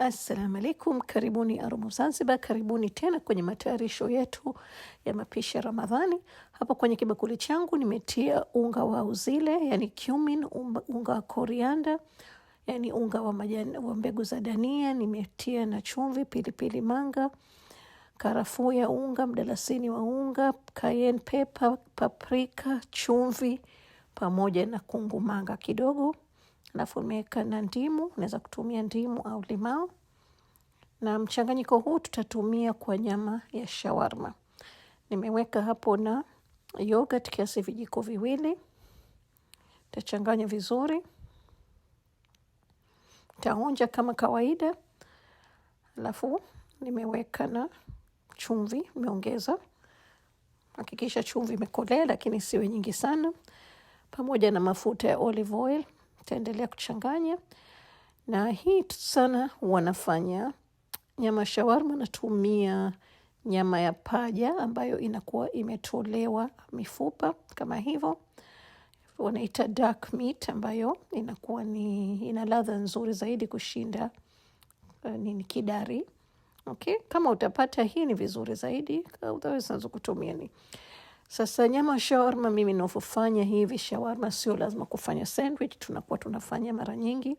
Assalamu alaikum, karibuni Arumu Zanzibar, karibuni tena kwenye matayarisho yetu ya mapishi ya Ramadhani. Hapo kwenye kibakuli changu nimetia unga wa uzile, yani cumin, unga wa korianda, yani unga wa majani, wa mbegu za dania, nimetia na chumvi, pilipili manga, karafuu ya unga, mdalasini wa unga, cayenne pepper, paprika, chumvi pamoja na kungu manga kidogo alafu umeweka na ndimu. Unaweza kutumia ndimu au limau, na mchanganyiko huu tutatumia kwa nyama ya shawarma. Nimeweka hapo na yogurt kiasi vijiko viwili, tachanganya vizuri, taonja kama kawaida. Alafu nimeweka na chumvi, nimeongeza. Hakikisha chumvi imekolea, lakini siwe nyingi sana, pamoja na mafuta ya olive oil. Taendelea kuchanganya na hii sana wanafanya nyama shawarma, natumia nyama ya paja ambayo inakuwa imetolewa mifupa kama hivyo, wanaita dark meat ambayo inakuwa ni ina ladha nzuri zaidi kushinda uh, nini kidari. Okay, kama utapata hii ni vizuri zaidi, utaweza kutumia ni sasa nyama shawarma, mimi navyofanya hivi shawarma, sio lazima kufanya sandwich, tunakuwa tunafanya mara nyingi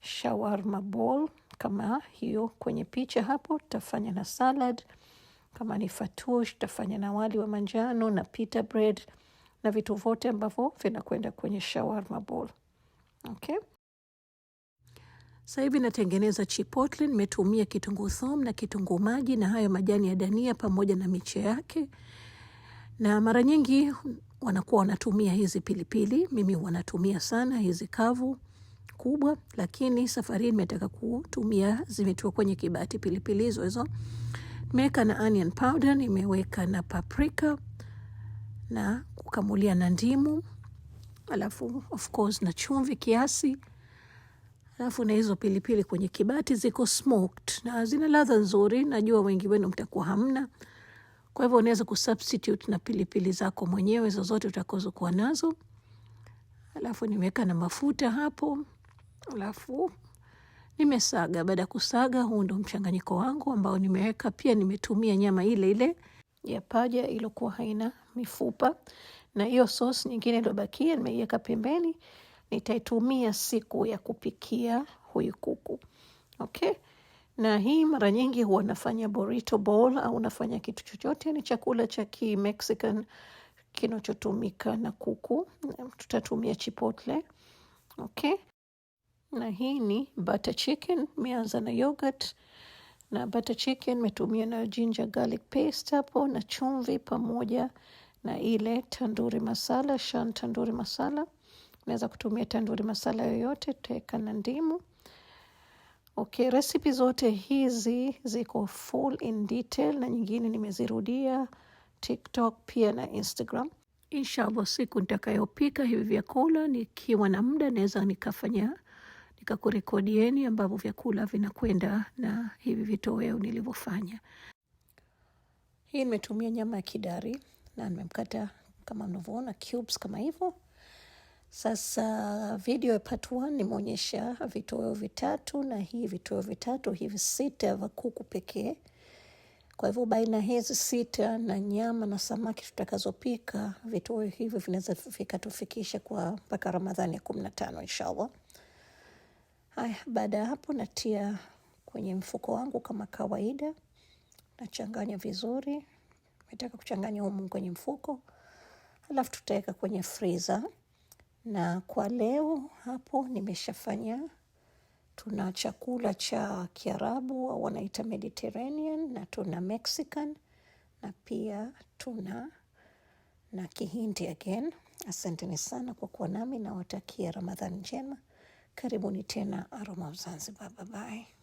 shawarma bol kama hiyo kwenye picha hapo. Tafanya na salad kama ni fatush, tafanya na wali wa manjano na pita bread na vitu vyote ambavyo vinakwenda kwenye shawarma ball. Okay. Sasa hivi natengeneza chipotle. Nimetumia kitunguu thom na kitunguu maji na hayo majani ya dania pamoja na miche yake na mara nyingi wanakuwa wanatumia hizi pilipili. Mimi wanatumia sana hizi kavu kubwa, lakini safari nimetaka kutumia zimetua kwenye kibati pilipili hizo hizo. Nimeweka na onion powder, nimeweka na paprika na kukamulia na ndimu, alafu of course na chumvi kiasi, alafu na hizo pilipili kwenye kibati ziko smoked na zina ladha nzuri. Najua wengi wenu mtakuwa hamna kwa hivyo unaweza kusubstitute na pilipili zako mwenyewe zozote utakazokuwa nazo. Alafu nimeweka na mafuta hapo, alafu nimesaga. Baada ya kusaga, huu ndo mchanganyiko wangu ambao nimeweka. Pia nimetumia nyama ile ile ya paja iliyokuwa haina mifupa, na hiyo sosi nyingine iliyobakia nimeiweka pembeni, nitaitumia siku ya kupikia huyu kuku. Okay na hii mara nyingi huwa nafanya burrito bowl au nafanya kitu chochote, ni chakula cha Kimexican kinachotumika na kuku. Tutatumia chipotle okay. Na hii ni butter chicken, meanza na yogurt na butter chicken metumia na ginger garlic paste hapo na chumvi, pamoja na ile tanduri masala shan tanduri masala. Naweza kutumia tanduri masala yoyote, tutaweka na ndimu Okay, recipe zote hizi ziko full in detail na nyingine nimezirudia TikTok pia na Instagram. Inshallah, siku nitakayopika hivi vyakula nikiwa na muda, naweza nikafanya nikakurekodieni ambavyo vyakula vinakwenda na hivi vitoweo nilivyofanya. Hii nimetumia nyama ya kidari na nimemkata kama mnavyoona cubes kama hivyo. Sasa video ya part 1 nimeonyesha vitoweo vitatu, na hii vitoweo vitatu hivi sita vya kuku pekee. Kwa hivyo baina hizi sita na nyama na samaki tutakazopika, vitoweo hivi vinaweza vikatufikisha kwa mpaka Ramadhani ya 15 inshallah. Haya, baada ya hapo natia kwenye mfuko wangu kama kawaida, nachanganya vizuri. Nataka kuchanganya humu kwenye mfuko, alafu tutaweka kwenye freezer na kwa leo hapo nimeshafanya, tuna chakula cha Kiarabu au wanaita Mediterranean na tuna Mexican na pia tuna na Kihindi again. Asanteni sana kwa kuwa nami, nawatakia Ramadhan njema. Karibuni tena Aroma of Zanzibar. babaye